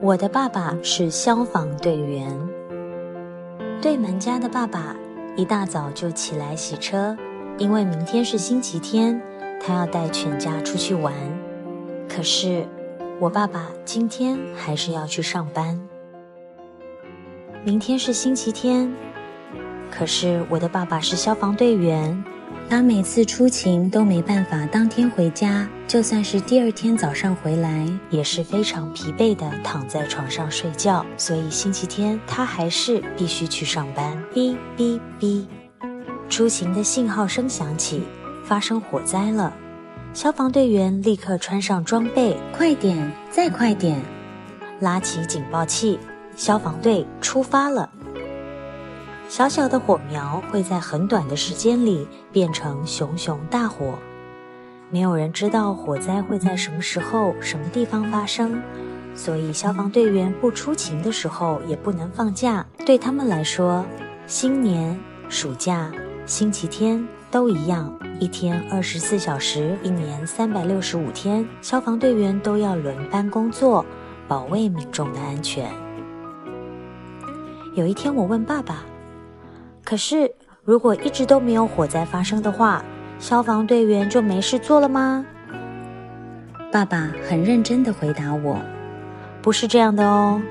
我的爸爸是消防隊員。對門家的爸爸一大早就起來洗車，因為明天是星期天，他要帶全家出去玩。可是我爸爸今天還是要去上班。明天是星期天，可是我的爸爸是消防隊員。他每次出勤都沒辦法當天回家，就算是第二天早上回來，也是非常疲憊地躺在床上睡覺。所以星期天他還是必須去上班。嗶嗶嗶，出勤的信號聲響起，發生火災了，消防隊員立刻穿上裝備，快點，再快點，拉起警報器，消防隊出發了。小小的火苗會在很短的時間裡變成熊熊大火。沒有人知道火災會在什麼時候、什麼地方發生，所以消防隊員不出勤的時候也不能放假。對他們來說，新年、暑假、星期天都一樣。一天二十四小時，一年三百六十五天，消防隊員都要輪班工作，保衛民眾的安全。有一天，我問爸爸。可是，如果一直都沒有火災發生的話，消防隊員就沒事做了嗎？爸爸很認真地回答我：“不是這樣的哦，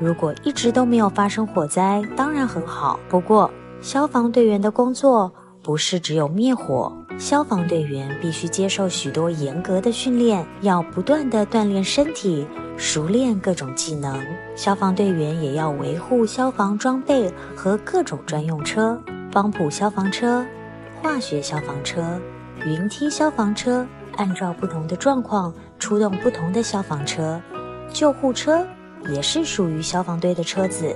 如果一直都沒有發生火災，當然很好。不過，消防隊員的工作不是只有滅火。”消防隊員必須接受許多嚴格的訓練，要不斷地鍛鍊身體，熟練各種技能。消防隊員也要維護消防裝備和各種專用車，幫浦消防車、化學消防車、雲梯消防車，按照不同的狀況出動不同的消防車。救護車也是屬於消防隊的車子。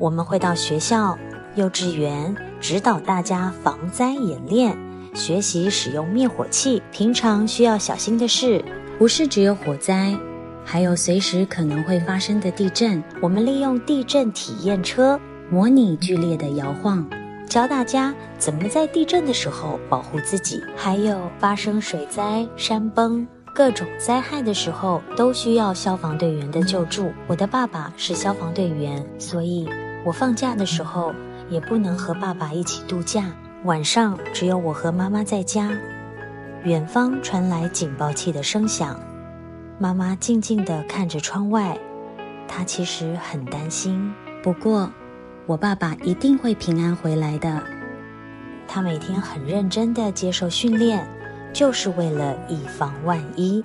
我們會到學校、幼稚園指導大家防災演練。學習使用滅火器，平常需要小心的事，不是只有火災，還有隨時可能會發生的地震。我們利用地震體驗車，模擬劇烈的搖晃，教大家怎麼在地震的時候保護自己。還有發生水災、山崩、各種災害的時候，都需要消防隊員的救助。嗯。我的爸爸是消防隊員，所以我放假的時候也不能和爸爸一起度假。晚上只有我和媽媽在家，遠方傳來警報器的聲響。媽媽靜靜的看着窗外，她其實很擔心。不過，我爸爸一定會平安回來的。他每天很認真的接受訓練，就是為了以防萬一。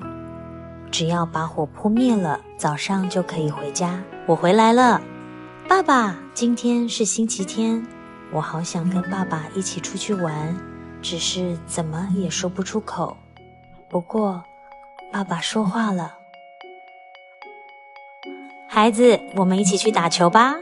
只要把火撲滅了，早上就可以回家。我回來了，爸爸，今天是星期天。我好想跟爸爸一起出去玩，只是怎麼也說不出口。不過，爸爸說話了。孩子，我們一起去打球吧。